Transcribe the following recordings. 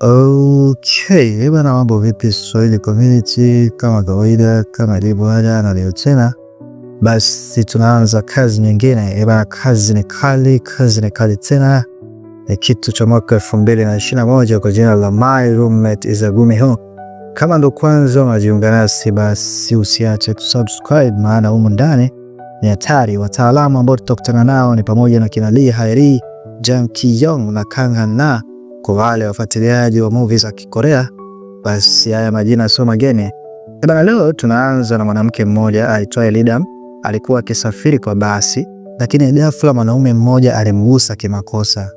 Okay, bwana, mambo vipi Swahili community? Kama kawaida, kama ilivyo ada na leo tena basi tunaanza kazi nyingine bwana. Kazi ni kali, kazi ni kali tena, ni kitu cha mwaka elfu mbili na ishirini na moja kwa jina la My Roommate is a Gummy Kama ndo kwanza unajiunga nasi, basi usiache kusubscribe, maana humu ndani ni hatari. Wataalamu ambao tutakutana nao ni pamoja na kina Lee Hairi, Jang Ki Yong na Kang Han Na kwa wale wafuatiliaji wa movie za Kikorea, basi haya majina sio mageni. Eh bana, leo tunaanza na mwanamke mmoja aitwaye Lidam. Alikuwa akisafiri kwa basi, lakini ghafla mwanaume mmoja alimgusa kimakosa.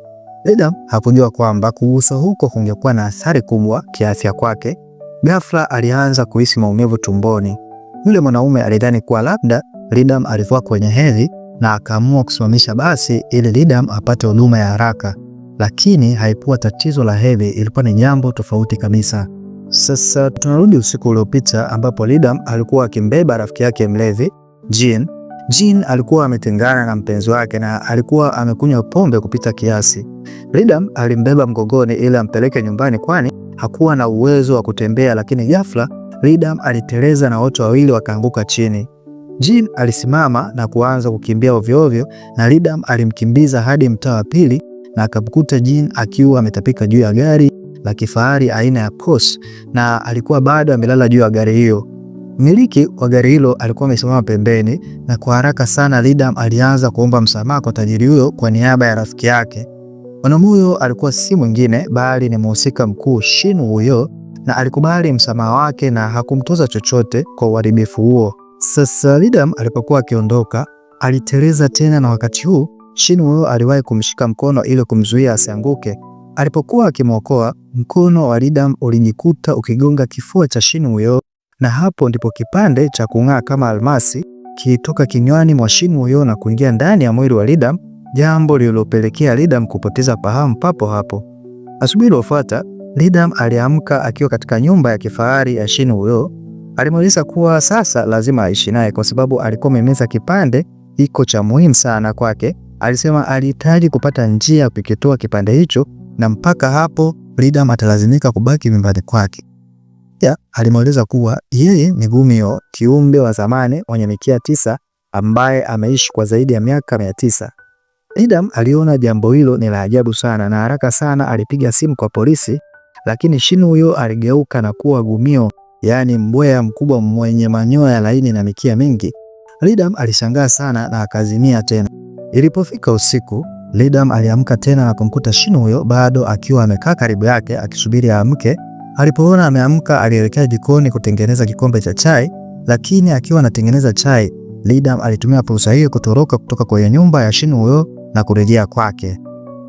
Lidam hakujua kwamba kuguswa huko kungekuwa na athari kubwa kiafya kwake. Ghafla alianza kuhisi maumivu tumboni. Yule mwanaume alidhani kuwa labda Lidam alikuwa kwenye hedhi na akaamua kusimamisha basi ili Lidam apate huduma ya haraka lakini haikuwa tatizo la hedhi, ilikuwa ni jambo tofauti kabisa. Sasa tunarudi usiku uliopita ambapo Lidam alikuwa akimbeba rafiki yake mlevi Jean. Jean alikuwa ametengana na mpenzi wake na alikuwa amekunywa pombe kupita kiasi. Lidam alimbeba mgongoni ili ampeleke nyumbani, kwani hakuwa na uwezo wa kutembea, lakini ghafla Lidam aliteleza na wote wawili wakaanguka chini. Jean alisimama na kuanza kukimbia ovyoovyo na Lidam alimkimbiza hadi mtaa wa pili na akamkuta Jean akiwa ametapika juu ya gari la kifahari aina ya Porsche na alikuwa bado amelala juu ya gari hiyo. Mmiliki wa gari hilo alikuwa amesimama pembeni, na kwa haraka sana Lidam alianza kuomba msamaha kwa tajiri huyo kwa niaba ya rafiki yake. Mwanaume huyo alikuwa si mwingine bali ni mhusika mkuu Shin huyo, na alikubali msamaha wake na hakumtoza chochote kwa uharibifu huo. Sasa Lidam alipokuwa akiondoka, aliteleza tena, na wakati huu Shinwo aliwahi kumshika mkono ili kumzuia asianguke. Alipokuwa akimwokoa, mkono wa Ridam ulijikuta ukigonga kifua cha Shinwo, na hapo ndipo kipande cha kung'aa kama almasi kilitoka kinywani mwa Shinwo na kuingia ndani ya mwili wa Ridam, jambo lililopelekea Ridam kupoteza fahamu papo hapo. Asubuhi iliyofuata Ridam aliamka akiwa katika nyumba ya kifahari ya Shinwo. Alimuuliza kuwa sasa lazima aishi naye kwa sababu alikuwa amemeza kipande iko cha muhimu sana kwake Alisema alihitaji kupata njia ya kukitoa kipande hicho, na mpaka hapo Freedom atalazimika kubaki nyumbani kwake. Pia alimweleza kuwa yeye ni Gumio, kiumbe wa zamani mwenye mikia tisa ambaye ameishi kwa zaidi ya miaka mia tisa. Freedom aliona jambo hilo ni la ajabu sana na haraka sana alipiga simu kwa polisi, lakini Shin huyo aligeuka na kuwa Gumio, yaani mbweha mkubwa mwenye manyoya laini na mikia mingi. Freedom alishangaa sana na akazimia tena. Ilipofika usiku, Lidam aliamka tena na kumkuta Shin huyo bado akiwa amekaa karibu yake akisubiri aamke. Alipoona ameamka, alielekea jikoni kutengeneza kikombe cha chai, lakini akiwa anatengeneza chai, Lidam alitumia fursa hiyo kutoroka kutoka kwenye nyumba ya Shin huyo na kurejea kwake.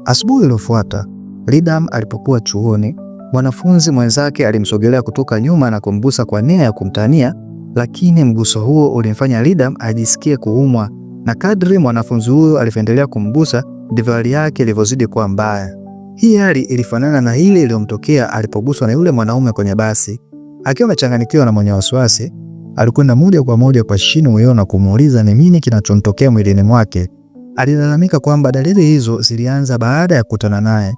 Asubuhi iliyofuata, Lidam alipokuwa chuoni, mwanafunzi mwenzake alimsogelea kutoka nyuma na kumgusa kwa nia ya kumtania, lakini mguso huo ulimfanya Lidam ajisikie kuumwa na kadri mwanafunzi huyo alivyoendelea kumgusa ndivyo hali yake ilivyozidi kuwa mbaya. Hii hali ilifanana na ile iliyomtokea alipoguswa na yule mwanaume kwenye basi. Akiwa amechanganyikiwa na mwenye wasiwasi, alikwenda moja kwa moja kwa Shinu huyo na kumuuliza ni nini kinachomtokea mwilini mwake. Alilalamika kwamba dalili hizo zilianza baada ya kukutana naye.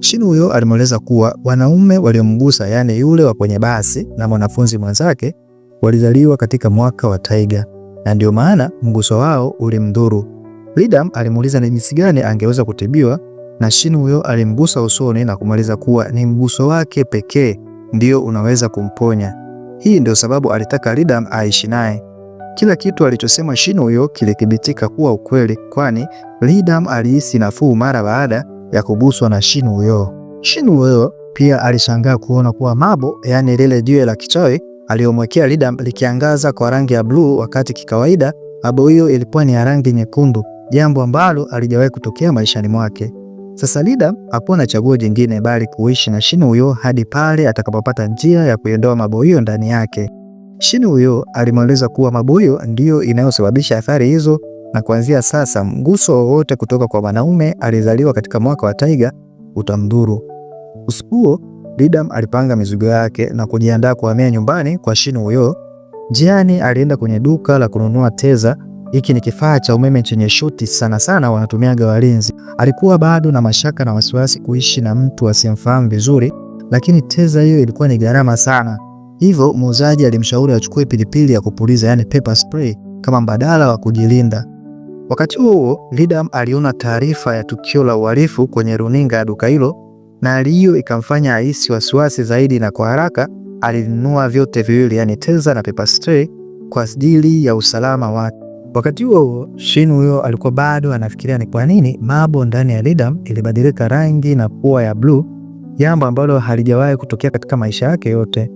Shinu huyo alimweleza kuwa wanaume waliomgusa, yaani yule wa kwenye basi na mwanafunzi mwenzake, walizaliwa katika mwaka wa taiga na ndio maana mguso wao ulimdhuru. Lidam alimuuliza ni jinsi gani angeweza kutibiwa, na Shin huyo alimgusa usoni na kumaliza kuwa ni mguso wake pekee ndio unaweza kumponya. Hii ndio sababu alitaka Lidam aishi naye. Kila kitu alichosema Shin huyo kilithibitika kuwa ukweli, kwani Lidam alihisi nafuu mara baada ya kuguswa na Shin huyo. Shin huyo pia alishangaa kuona kuwa Mabo, yaani lile jiwe la kichawi aliyomwekea Lida likiangaza kwa rangi ya bluu, wakati kikawaida abo hiyo ilikuwa ni ya rangi nyekundu, jambo ambalo alijawahi kutokea maishani mwake. Sasa Lida hakuwa na chaguo jingine bali kuishi na Shin woo hadi pale atakapopata njia ya kuiondoa mabo hiyo ndani yake. Shin woo alimweleza kuwa mabo hiyo ndiyo inayosababisha athari hizo, na kuanzia sasa mguso wowote kutoka kwa mwanaume alizaliwa katika mwaka wa taiga utamdhuru. Usiku huo Didam alipanga mizigo yake na kujiandaa kuhamia nyumbani kwa Shinu huyo. Njiani alienda kwenye duka la kununua teza. Hiki ni kifaa cha umeme chenye shuti, sana sana wanatumiaga walinzi. Alikuwa bado na mashaka na wasiwasi kuishi na mtu asiyemfahamu vizuri, lakini teza hiyo ilikuwa ni gharama sana, hivyo muuzaji alimshauri achukue pilipili ya kupuliza, yani pepper spray, kama mbadala wa kujilinda. Wakati huo Lidam aliona taarifa ya tukio la uhalifu kwenye runinga ya duka hilo na hali hiyo ikamfanya ahisi wasiwasi zaidi, na kwa haraka alinunua vyote viwili, yani Teza na Paper Stray kwa ajili ya usalama wake. Wakati huo huo, Shin huyo alikuwa bado anafikiria ni kwa nini Mabo ndani ya Lidam ilibadilika rangi na kuwa ya bluu, jambo ambalo halijawahi kutokea katika maisha yake yote.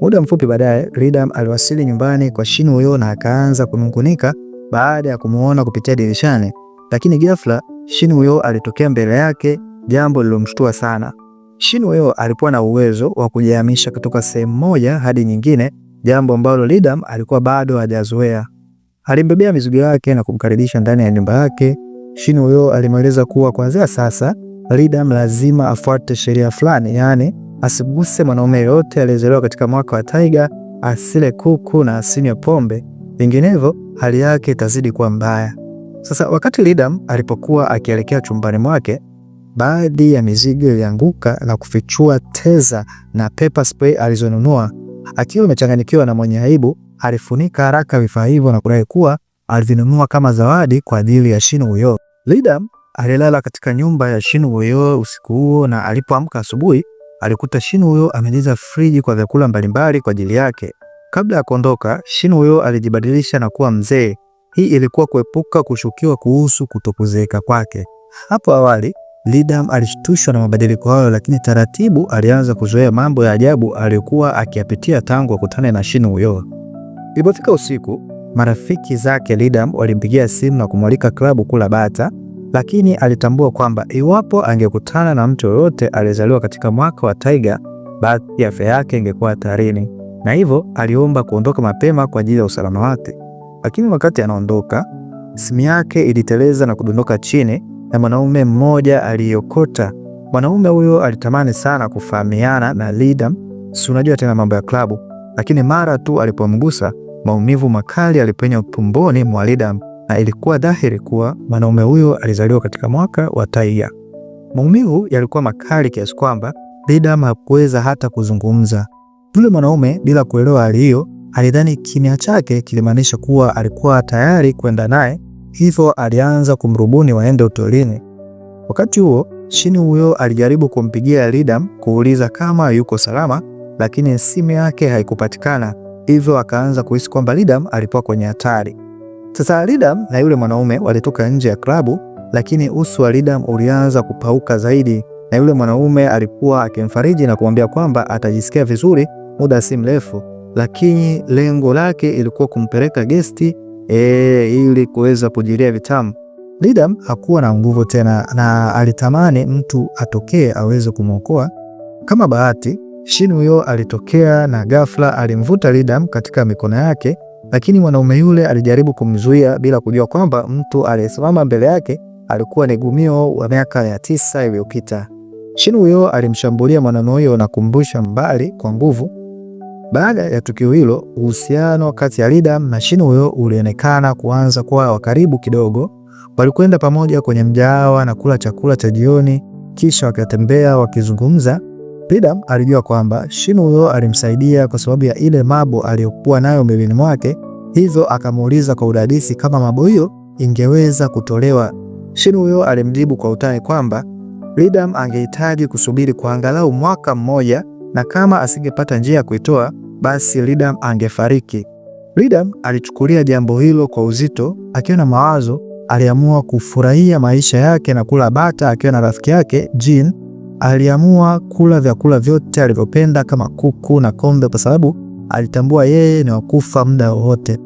Muda mfupi baadaye, Lidam aliwasili nyumbani kwa Shin huyo na akaanza kunungunika baada ya kumuona kupitia dirishani, lakini ghafla Shin huyo alitokea mbele yake jambo lilomshtua sana. Shinweo alikuwa na uwezo wa kujihamisha kutoka sehemu moja hadi nyingine, jambo ambalo Lidam alikuwa bado hajazoea. Alimbebea mizigo yake na kumkaribisha ndani ya nyumba yake. Shinweo alimweleza kuwa kuanzia sasa Lidam lazima afuate sheria fulani, yaani asiguse mwanaume yoyote aliyezaliwa katika mwaka wa taiga, asile kuku na asinywe pombe, vinginevyo hali yake itazidi kuwa mbaya. Sasa wakati Lidam alipokuwa akielekea chumbani mwake Baadhi ya mizigo ilianguka na kufichua teza na pepper spray alizonunua. Akiwa amechanganyikiwa na mwenye aibu, alifunika haraka vifaa hivyo na kudai kuwa alivinunua kama zawadi kwa ajili ya Shin woo Lidam alilala katika nyumba ya Shin woo usiku huo na alipoamka asubuhi alikuta Shin Woo-yeo amejaza friji kwa vyakula mbalimbali kwa ajili yake. Kabla ya kuondoka, Shin woo alijibadilisha na kuwa mzee. Hii ilikuwa kuepuka kushukiwa kuhusu kutokuzeeka kwake. Hapo awali Lidam alishtushwa na mabadiliko hayo, lakini taratibu alianza kuzoea mambo ya ajabu aliyokuwa akiyapitia tangu akutane na Shin huyo. Ilipofika usiku, marafiki zake Lidam walimpigia simu na kumwalika klabu kula bata, lakini alitambua kwamba iwapo angekutana na mtu yoyote aliyezaliwa katika mwaka wa Taiga, basi afya yake ingekuwa hatarini, na hivyo aliomba kuondoka mapema kwa ajili ya usalama wake. Lakini wakati anaondoka, simu yake iliteleza na kudondoka chini na mwanaume mmoja aliyokota Mwanaume huyo alitamani sana kufahamiana na Lidam, si unajua tena mambo ya klabu, lakini mara tu alipomgusa, maumivu makali alipenya tumboni mwa Lidam, na ilikuwa dhahiri kuwa mwanaume huyo alizaliwa katika mwaka wa Taia. Maumivu yalikuwa makali kiasi kwamba Lidam hakuweza hata kuzungumza. Yule mwanaume bila kuelewa hali hiyo, alidhani kimya chake kilimaanisha kuwa alikuwa tayari kwenda naye hivyo alianza kumrubuni waende utolini. Wakati huo shini huyo alijaribu kumpigia Ridam kuuliza kama yuko salama, lakini simu yake haikupatikana, hivyo akaanza kuhisi kwamba Ridam alikuwa kwenye hatari. Sasa Ridam na yule mwanaume walitoka nje ya klabu, lakini uso wa Ridam ulianza kupauka zaidi, na yule mwanaume alikuwa akimfariji na kumwambia kwamba atajisikia vizuri muda si mrefu, lakini lengo lake ilikuwa kumpeleka gesti e, ili kuweza kujilia vitamu. Lidam hakuwa na nguvu tena na alitamani mtu atokee aweze kumwokoa. Kama bahati, Shin huyo alitokea na ghafla alimvuta lidam katika mikono yake, lakini mwanaume yule alijaribu kumzuia bila kujua kwamba mtu aliyesimama mbele yake alikuwa ni Gumio wa miaka ya tisa iliyopita. Shin huyo alimshambulia mwanaume huyo na kumbusha mbali kwa nguvu baada ya tukio hilo, uhusiano kati ya Lida na Shin ulionekana kuanza kuwa wa karibu kidogo. Walikwenda pamoja kwenye mgahawa na kula chakula cha jioni, kisha wakatembea wakizungumza. Lidam alijua kwamba Shin huyo alimsaidia kwa sababu ya ile mabo aliyokuwa nayo mwilini mwake, hivyo akamuuliza kwa udadisi kama mabo hiyo ingeweza kutolewa. Shin alimjibu kwa utani kwamba Lidam angehitaji kusubiri kwa angalau mwaka mmoja na kama asingepata njia ya kuitoa basi Lidam angefariki. Lidam alichukulia jambo hilo kwa uzito. Akiwa na mawazo, aliamua kufurahia maisha yake na kula bata. Akiwa na rafiki yake Jean, aliamua kula vyakula vyote alivyopenda kama kuku na kombe, kwa sababu alitambua yeye ni wakufa muda wowote.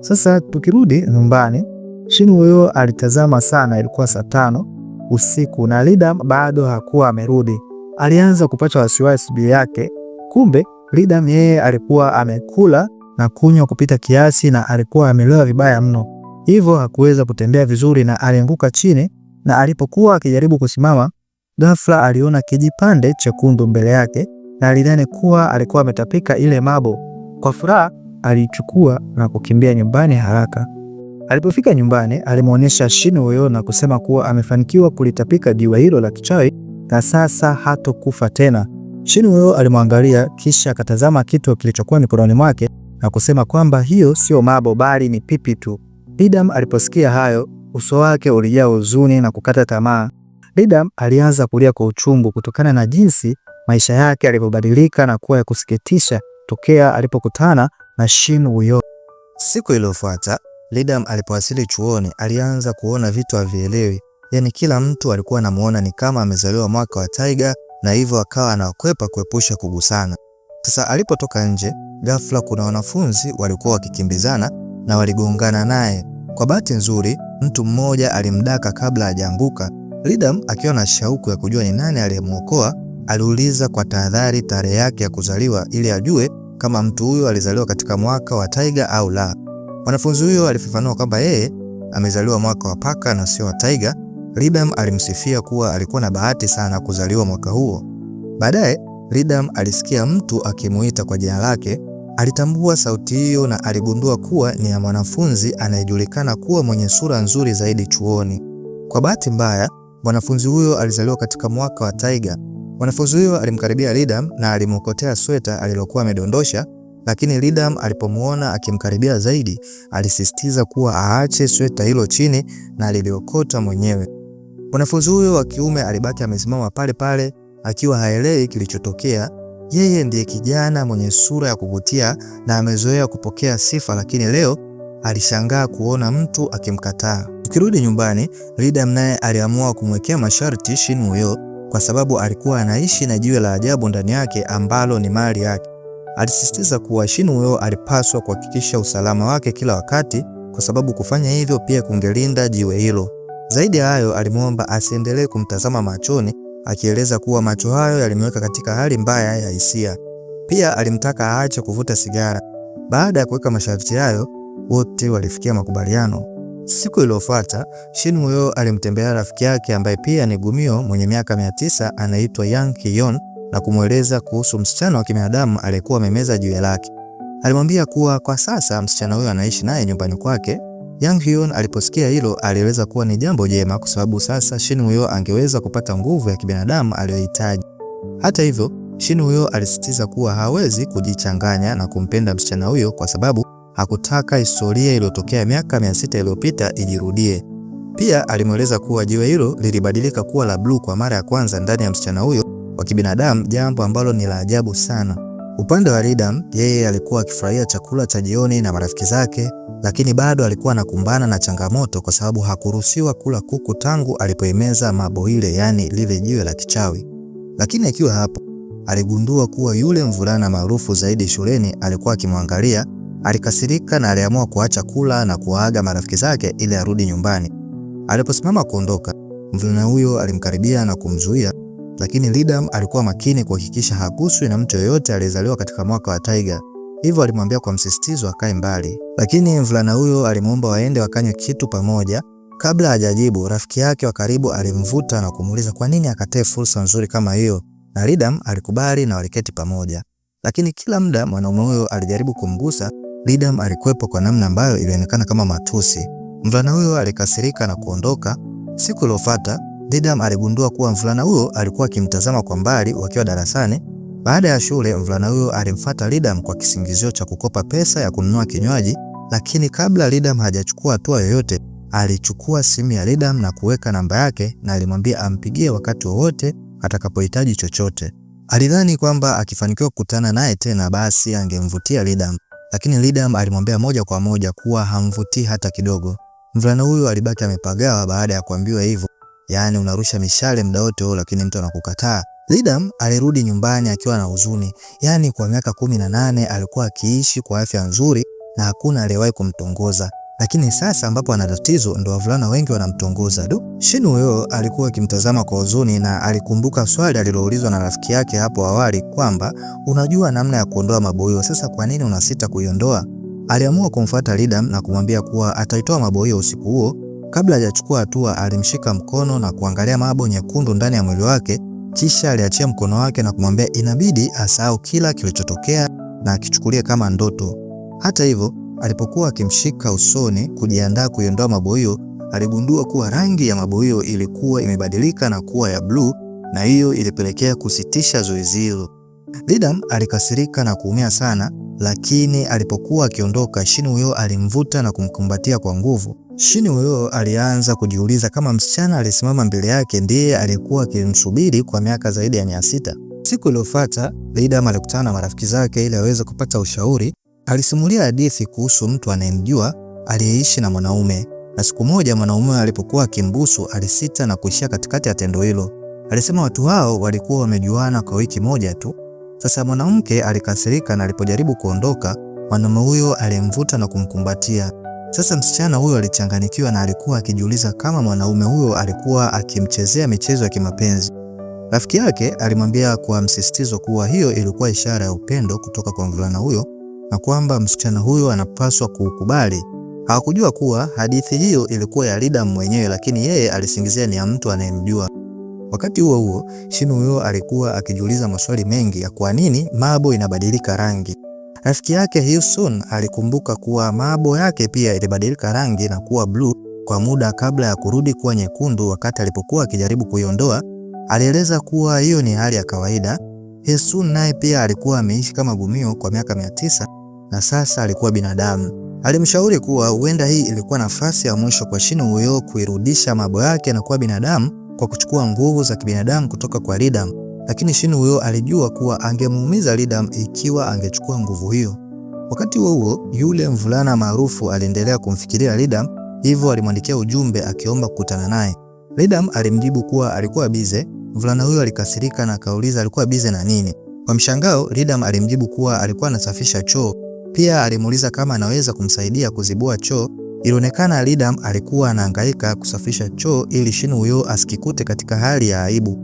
Sasa tukirudi nyumbani, Shin huyo alitazama sana, ilikuwa saa tano usiku na Lidam bado hakuwa amerudi alianza kupata wasiwasi juu yake. Kumbe Ridam yeye alikuwa amekula na kunywa kupita kiasi na alikuwa amelewa vibaya mno, hivyo hakuweza kutembea vizuri na alianguka chini, na alipokuwa akijaribu kusimama, ghafla aliona kijipande chekundu mbele yake na alidhani kuwa alikuwa ametapika ile mabo. Kwa furaha alichukua na kukimbia nyumbani haraka. Alipofika nyumbani, alimwonyesha Shin woo na kusema kuwa amefanikiwa kulitapika jiwe hilo la kichawi na sasa hatokufa tena. Shinwo alimwangalia kisha akatazama kitu kilichokuwa mikononi mwake na kusema kwamba hiyo sio mabo bali ni pipi tu. Lidam aliposikia hayo, uso wake ulijaa huzuni na kukata tamaa. Lidam alianza kulia kwa uchungu kutokana na jinsi maisha yake yalivyobadilika na kuwa ya kusikitisha tokea alipokutana na Shinwo. Siku iliyofuata Lidam alipowasili chuoni, alianza kuona vitu havielewi yani kila mtu alikuwa anamuona ni kama amezaliwa mwaka wa taiga, na hivyo akawa anakwepa kuepusha kugusana. Sasa alipotoka nje, ghafla kuna wanafunzi walikuwa wakikimbizana na waligongana naye. Kwa bahati nzuri, mtu mmoja alimdaka kabla hajaanguka. Lidam akiwa na shauku ya kujua ni nani aliyemwokoa, aliuliza kwa tahadhari tarehe yake ya kuzaliwa ili ajue kama mtu huyo alizaliwa katika mwaka wa taiga au la. Mwanafunzi huyo alifafanua kwamba yeye amezaliwa mwaka wa paka na sio wa taiga, Ridham alimsifia kuwa alikuwa na bahati sana kuzaliwa mwaka huo. Baadaye Ridham alisikia mtu akimuita kwa jina lake. Alitambua sauti hiyo na aligundua kuwa ni ya mwanafunzi anayejulikana kuwa mwenye sura nzuri zaidi chuoni. Kwa bahati mbaya, mwanafunzi huyo alizaliwa katika mwaka wa taiga. Mwanafunzi huyo alimkaribia Ridham na alimwokotea sweta alilokuwa amedondosha, lakini Ridham alipomwona akimkaribia zaidi, alisisitiza kuwa aache sweta hilo chini na aliliokota mwenyewe. Mwanafunzi huyo wa kiume alibaki amesimama pale pale akiwa haelewi kilichotokea. Yeye ndiye kijana mwenye sura ya kuvutia na amezoea kupokea sifa, lakini leo alishangaa kuona mtu akimkataa. Tukirudi nyumbani, Lidam naye aliamua kumwekea masharti Shin huyo kwa sababu alikuwa anaishi na jiwe la ajabu ndani yake ambalo ni mali yake. Alisisitiza kuwa Shin huyo alipaswa kuhakikisha usalama wake kila wakati, kwa sababu kufanya hivyo pia kungelinda jiwe hilo. Zaidi ya hayo, alimwomba asiendelee kumtazama machoni, akieleza kuwa macho hayo yalimweka katika hali mbaya ya hisia. Pia alimtaka aache kuvuta sigara. Baada ya kuweka masharti hayo, wote walifikia makubaliano. Siku iliyofuata Shin alimtembelea rafiki yake ambaye pia ni gumio mwenye miaka mia tisa anaitwa Yang ki na kumweleza kuhusu msichana wa kibinadamu aliyekuwa amemeza jiwe lake. Alimwambia kuwa kwa sasa msichana huyo anaishi naye nyumbani kwake Yang Hyun aliposikia hilo aliweza kuwa ni jambo jema, kwa sababu sasa Shin Woo angeweza kupata nguvu ya kibinadamu aliyohitaji. Hata hivyo, Shin Woo alisisitiza kuwa hawezi kujichanganya na kumpenda msichana huyo kwa sababu hakutaka historia iliyotokea miaka 600 iliyopita ijirudie. Pia alimweleza kuwa jiwe hilo lilibadilika kuwa la bluu kwa mara ya kwanza ndani ya msichana huyo wa kibinadamu, jambo ambalo ni la ajabu sana. Upande wa ridam yeye alikuwa akifurahia chakula cha jioni na marafiki zake, lakini bado alikuwa anakumbana na changamoto kwa sababu hakuruhusiwa kula kuku tangu alipoimeza maboile yaani lile jiwe la kichawi. Lakini akiwa hapo aligundua kuwa yule mvulana maarufu zaidi shuleni alikuwa akimwangalia. Alikasirika na aliamua kuacha kula na kuwaaga marafiki zake ili arudi nyumbani. Aliposimama kuondoka, mvulana huyo alimkaribia na kumzuia lakini Lidam alikuwa makini kuhakikisha haguswi na mtu yoyote aliyezaliwa katika mwaka wa Taiga, hivyo alimwambia kwa msisitizo akae mbali. Lakini mvulana huyo alimuomba waende wakanywe kitu pamoja. Kabla hajajibu, rafiki yake wa karibu alimvuta na kumuuliza kwa nini akatae fursa nzuri kama hiyo, na Lidam alikubali na waliketi pamoja. Lakini kila muda mwanaume huyo alijaribu kumgusa Lidam, alikwepo kwa namna ambayo ilionekana kama matusi. Mvulana huyo alikasirika na kuondoka. Siku iliyofuata Didam aligundua kuwa mvulana huyo alikuwa akimtazama kwa mbali wakiwa darasani. Baada ya shule, mvulana huyo alimfuata Lidam kwa kisingizio cha kukopa pesa ya kununua kinywaji, lakini kabla Lidam hajachukua hatua yoyote, alichukua simu ya Lidam na kuweka namba yake na alimwambia ampigie wakati wowote atakapohitaji chochote. Alidhani kwamba akifanikiwa kukutana naye tena basi angemvutia Lidam, lakini Lidam alimwambia moja kwa moja kuwa hamvutii hata kidogo. Mvulana huyo alibaki amepagawa baada ya kuambiwa hivyo, yaani unarusha mishale muda wote huo, lakini mtu anakukataa. Lidam alirudi nyumbani akiwa na huzuni, yaani kwa miaka kumi na nane alikuwa akiishi kwa afya nzuri na hakuna aliyewahi kumtongoza, lakini sasa ambapo ana tatizo ndo wavulana wengi wanamtongoza. Du, Shinweo alikuwa akimtazama kwa huzuni na alikumbuka swali aliloulizwa na rafiki yake hapo awali kwamba unajua namna ya kuondoa maboyo, sasa kwa nini unasita kuiondoa? Aliamua kumfuata Lidam na kumwambia kuwa ataitoa maboyo usiku huo Kabla hajachukua hatua, alimshika mkono na kuangalia mabo nyekundu ndani ya mwili wake, kisha aliachia mkono wake na kumwambia inabidi asahau kila kilichotokea na akichukulia kama ndoto. Hata hivyo, alipokuwa akimshika usoni kujiandaa kuiondoa mabo hiyo, aligundua kuwa rangi ya mabo hiyo ilikuwa imebadilika na kuwa ya bluu, na hiyo ilipelekea kusitisha zoezi hilo. lidam alikasirika na kuumia sana, lakini alipokuwa akiondoka, shini huyo alimvuta na kumkumbatia kwa nguvu shini huyo alianza kujiuliza kama msichana alisimama mbele yake ndiye aliyekuwa akimsubiri kwa miaka zaidi ya mia sita. Siku iliyofuata Leidam alikutana na marafiki zake ili aweze kupata ushauri. Alisimulia hadithi kuhusu mtu anayemjua aliyeishi na mwanaume, na siku moja mwanaume alipokuwa akimbusu alisita na kuishia katikati ya tendo hilo. Alisema watu hao walikuwa wamejuana kwa wiki moja tu. Sasa mwanamke alikasirika, na alipojaribu kuondoka, mwanaume huyo alimvuta na kumkumbatia. Sasa msichana huyo alichanganyikiwa na alikuwa akijiuliza kama mwanaume huyo alikuwa akimchezea michezo ya kimapenzi. Rafiki yake alimwambia kwa msisitizo kuwa hiyo ilikuwa ishara ya upendo kutoka kwa mvulana huyo na kwamba msichana huyo anapaswa kuukubali. Hawakujua kuwa hadithi hiyo ilikuwa ya Lidam mwenyewe, lakini yeye alisingizia ni ya mtu anayemjua. Wakati huo huo, shinu huyo alikuwa akijiuliza maswali mengi ya kwa nini Mabo inabadilika rangi. Rafiki yake Hyusun alikumbuka kuwa mabo yake pia ilibadilika rangi na kuwa bluu kwa muda kabla ya kurudi kuwa nyekundu wakati alipokuwa akijaribu kuiondoa. Alieleza kuwa hiyo ni hali ya kawaida. Hyusun naye pia alikuwa ameishi kama gumio kwa miaka mia tisa na sasa alikuwa binadamu. Alimshauri kuwa huenda hii ilikuwa nafasi ya mwisho kwa Shin huyo kuirudisha mabo yake na kuwa binadamu kwa kuchukua nguvu za kibinadamu kutoka kwa Ridam lakini Shin Woo alijua kuwa angemuumiza Lee Dam ikiwa angechukua nguvu hiyo. Wakati huo huo, yule mvulana maarufu aliendelea kumfikiria Lee Dam, hivyo alimwandikia ujumbe akiomba kukutana naye. Lee Dam alimjibu kuwa alikuwa bize. Mvulana huyo alikasirika na akauliza alikuwa bize na nini. Kwa mshangao, Lee Dam alimjibu kuwa alikuwa anasafisha choo. Pia alimuuliza kama anaweza kumsaidia kuzibua choo. Ilionekana Lee Dam alikuwa anahangaika kusafisha choo ili Shin Woo asikikute katika hali ya aibu.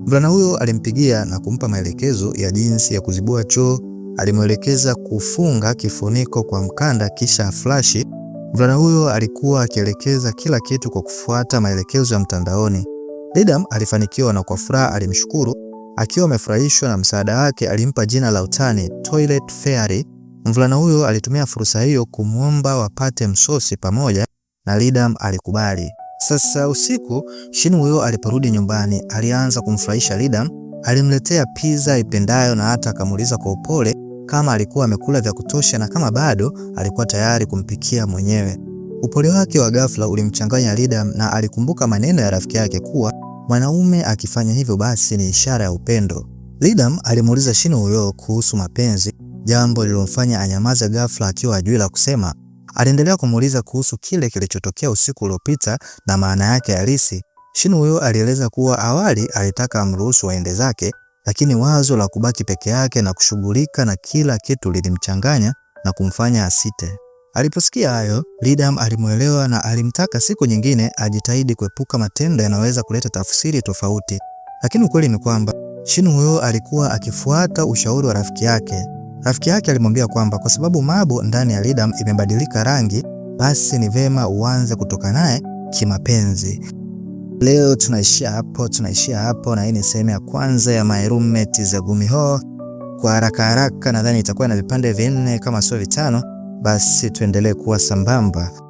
Mvulana huyo alimpigia na kumpa maelekezo ya jinsi ya kuzibua choo. Alimwelekeza kufunga kifuniko kwa mkanda kisha flashi. Mvulana huyo alikuwa akielekeza kila kitu kwa kufuata maelekezo ya mtandaoni. Didam alifanikiwa na kwa furaha alimshukuru. Akiwa amefurahishwa na msaada wake, alimpa jina la utani Toilet Fairy. Mvulana huyo alitumia fursa hiyo kumwomba wapate msosi pamoja na Lidam alikubali. Sasa usiku Shinweo aliporudi nyumbani, alianza kumfurahisha lidam Alimletea pizza ipendayo na hata akamuuliza kwa upole kama alikuwa amekula vya kutosha na kama bado alikuwa tayari kumpikia mwenyewe. Upole wake wa ghafla ulimchanganya lidam na alikumbuka maneno ya rafiki yake kuwa mwanaume akifanya hivyo basi ni ishara ya upendo. lidam alimuuliza Shinweo kuhusu mapenzi, jambo lililomfanya anyamaze ghafla, akiwa ajui la kusema. Aliendelea kumuuliza kuhusu kile kilichotokea usiku uliopita na maana yake halisi. Shin huyo alieleza kuwa awali alitaka amruhusu waende zake, lakini wazo la kubaki peke yake na kushughulika na kila kitu lilimchanganya na kumfanya asite. Aliposikia hayo, Lidam alimwelewa na alimtaka siku nyingine ajitahidi kuepuka matendo yanayoweza kuleta tafsiri tofauti. Lakini ukweli ni kwamba Shin huyo alikuwa akifuata ushauri wa rafiki yake Rafiki yake alimwambia kwamba kwa sababu Mabu ndani ya Lidam imebadilika rangi, basi ni vema uanze kutoka naye kimapenzi. Leo tunaishia hapo, tunaishia hapo, na hii ni sehemu ya kwanza ya My Roommate za Gumiho. Kwa haraka haraka, nadhani itakuwa na vipande vinne kama sio vitano, basi tuendelee kuwa sambamba.